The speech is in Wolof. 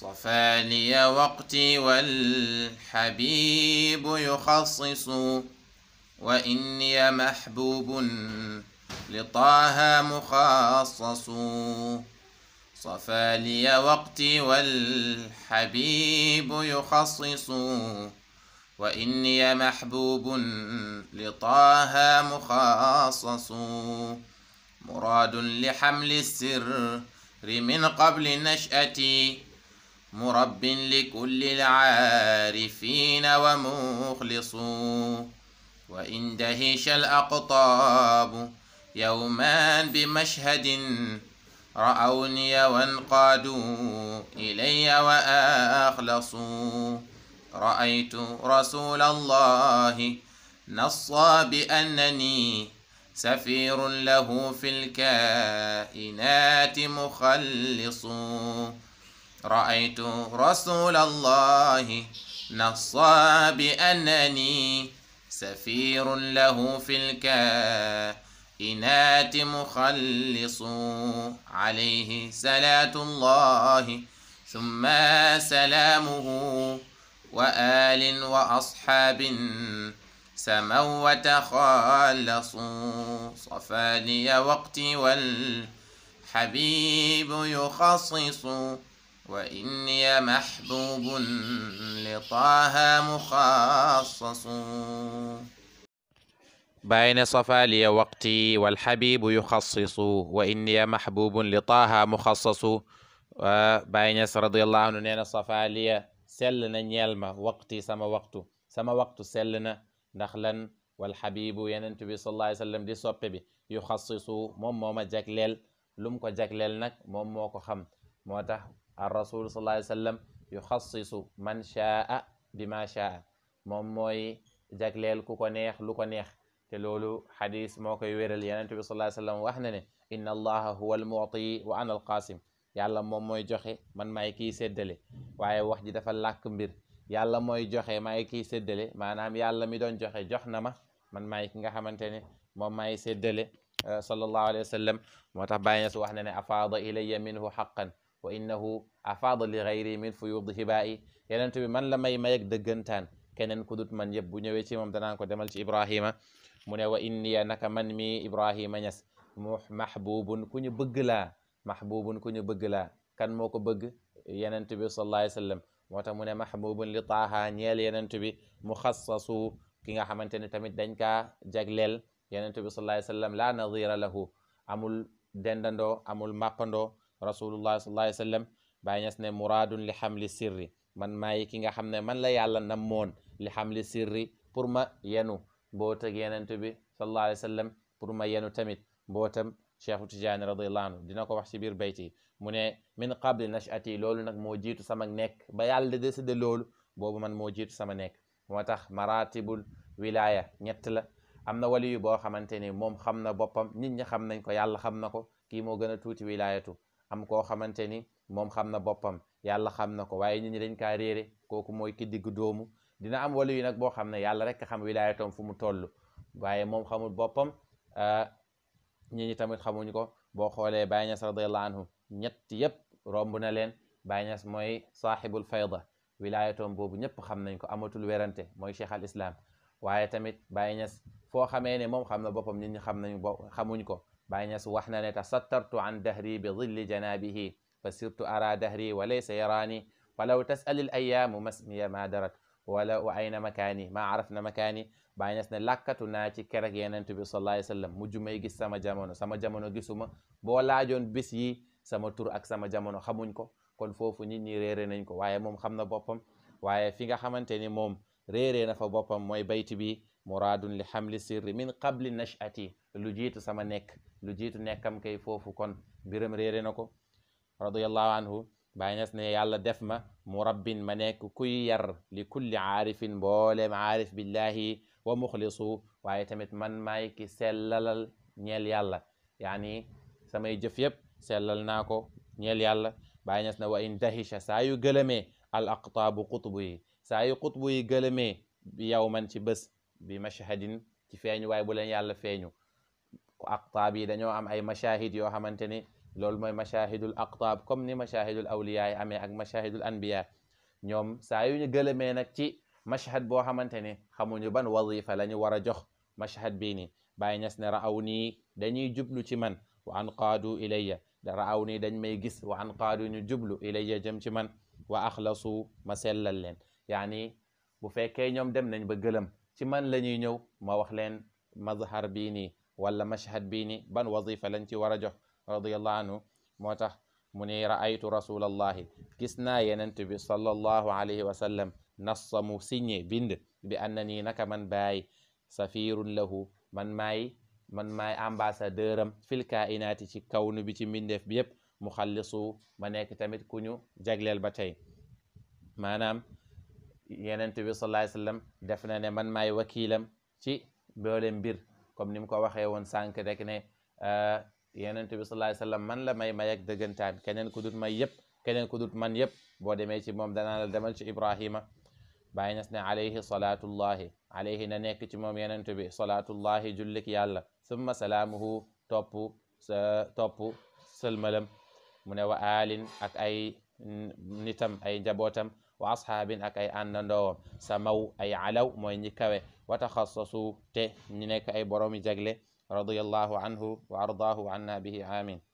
صفا لي وقتي والحبيب يخصص وإني محبوب لطه مخصص صفا لي وقتي والحبيب يخصص وإني محبوب لطه مخصص مراد لحمل السر من قبل نشأتي مرب لكل العارفين ومخلص وإن دهش الأقطاب يوما بمشهد رأوني وانقادوا إلي وأخلصوا رأيت رسول الله نصى بأنني سفير له في الكائنات مخلص رأيت رسول الله نصى بأنني سفير له في الكائنات مخلص عليه صلاة الله ثم سلامه وآل وأصحاب سموا وتخلصوا صفاني لي وقتي والحبيب يخصص وإني محبوب لطه مخصص بين صفا لي وقتي والحبيب يخصص وإني محبوب لطه مخصص وبين يس رضي الله عنه نينا صفا لي سلنا نيلما وقتي سما وقته سما وقت سلنا دخلا والحبيب ينتبي صلى الله عليه وسلم دي صوب بي يخصص مم جاك جاكليل لم كو جاكليل نك مم موكو خم موتا ar rasul sallallahu alayhi wa sallam yuxassisu man shaa bi ma shaa moom mooy jagleel ku ko neex lu ko neex te loolu xadis moo koy wéral yonent bi sallallahu alayhi wax na ne inna allaha huwa almuti wa ana alqasim yàlla moom mooy joxe man maay kii séddale waaye wax ji dafa làkk mbir yàlla mooy joxe maay kiy séddale maanaam yàlla mi doon joxe jox na ma man maay ki nga xamante ne moom maay séddale euh, sallallahu alayhi wa sallam moo tax bàyyi na su wax ne ne afaada ilayya minhu xaqan wa innahu afaada li gayri min fuyuudi hibaa'i yeneen bi man la may mayeg dëggantaan keneen ku dut man yëpp bu ñëwee ci moom danaan ko demal ci ibrahima mu ne wa inniya naka man mi ibrahima ñas mu mahbubun ku ñu bëgg laa mahbubun ku ñu bëgg laa kan moo ko bëgg yenent bi sallallahu alayhi wa sallam moo tax mu ne mahbubun li taaha ñeel yenent bi muxassasu ki nga xamante ne tamit dañ kaa jagleel yenent bi sallallahu alayhi wa sallam laa nadira lahu amul dendandoo amul màppandoo rasulullah sallallahu alayhi wa sallam Baay Ñas ne muraadun li xamli sirri man maay ki nga xam ne man la yàlla namoon li xamli sirri pour ma yenu mbootag Yonent bi sallallahu alayhi wa sallam pour ma yenu tamit mbootam cheikhu tijaani radiallahu anhu dina ko wax ci biir bayt yi mu ne min qabli nachati loolu nag moo jiitu sama nekk ba yàlla décidé loolu boobu man moo jiitu sama nekk moo tax maratibul wilaya ñett la am na wali yu boo xamante ni moom xam na boppam nit ñi xam nañ ko yàlla xam na ko kii moo gën a tuuti wilayatu am koo xamante ni moom xam na boppam yàlla xam na ko waaye ñi ñi dañ kaa réere kooku mooy ki digg doomu dina am wali yi nag boo xam ne yàlla rek xam wilaayatoom fu mu toll waaye moom xamul boppam ñi ah, ñi tamit xamuñ ko boo xoolee Baay Ñas radiyallahu anhu ñett yëpp romb na leen Baay Ñas mooy saaxibul fayda wilaayatoom boobu ñëpp xam nañ ko amatul werante mooy cheikh al islam waaye tamit Baay Ñas foo xamee ne moom xam na boppam ñi ñi xam nañu bo ko بين سوحنا نتسترت عن دهري بظل جنابه فصرت أرى دهري وليس يراني فلو تسأل الأيام ما اسمي ما درت ولا وأين مكاني ما عرفنا مكاني بين يسنا لكة ناتي كرك تبي صلى الله عليه وسلم مجمع يجس سما جامونو سما جامونو جسوما بولا جون بسي سما تور أك سما جامونو خمونكو kon foofu nit ñi réere nañ ko waaye moom xam na boppam waaye fi nga xamante ni moom réeree na fa muradun li hamli sirri min qabli nachati lu jiitu sama nekk lu jiitu nekkam kay foofu kon mbiram réere na ko radiallahu anhu Baay Ñas ne yàlla def ma murabbin ma nekk kuy yar li kulli aarifin mbooleem aarif billahi wa muxlisu waaye tamit man maay ki sellalal ñeel yàlla yaani samay jëf yëpp sellal naa ko ñeel yàlla Baay Ñas ne wa in dahisha saa yu gëlëmee al aqtaabu qutbu yi saa yu qutbu yi gëlëmee yow man ci bés بمشهد كفاية واي بولن يالا فينو أقطابي دانيو أم أي مشاهد يو همانتني لول موي مشاهد الأقطاب كم ني مشاهد الأولياء أمي أك مشاهد الأنبياء نيوم سايو ني غلي تي مشهد بو همانتني خمو ني بان وظيفة لاني ورا جوخ مشهد بيني باي ناس نراوني دانيو جبلو تي من وان قادو إليا دا راوني دنج مي غيس قادو ني جبلو إليا جم تي من واخلصوا مسلل لين يعني بو فكاي دم نان ci man lañuy ñëw ma wax leen mazhar bii nii wala mashhad bii nii ban wazifa lañ ci war a jox radiallahu anhu moo tax mu ni raaytu rasulallahi gis naa yenent bi sallallahu alayhi wa sallam nassa mu signé bind bi anna nii naka man baay safirun lahu man maay man maay ambassadeur am fil kainaati ci kawnu bi ci mbindeef bi yépp mu xallisu ma nekk tamit ku ñu jagleel ba tey maanaam yenent bi sallallahu alayhi wasallam def na ne man maay wakiilam ci boole mbir comme ni mu ko waxee woon sànq rek ne yenent bi sallallahu alayhi wasallam man la may may ak dëggantaan keneen ku dut may yëpp keneen ku dut man yëpp boo demee ci moom danaa la demal ci ibrahima bàyyi nas ne alayhi salaatullahi alayhi na nekk ci moom yenent bi salaatullahi jullik yàlla summa salaamuhu topu topp sëlmalam mu ne wa aalin ak ay nitam ay njabootam واصحاب واصحابين اكاي انندو سمو اي علو موي نيكاوي وتخصصوا ت نينك اي برومي جغلي رضي الله عنه وارضاه عنا به امين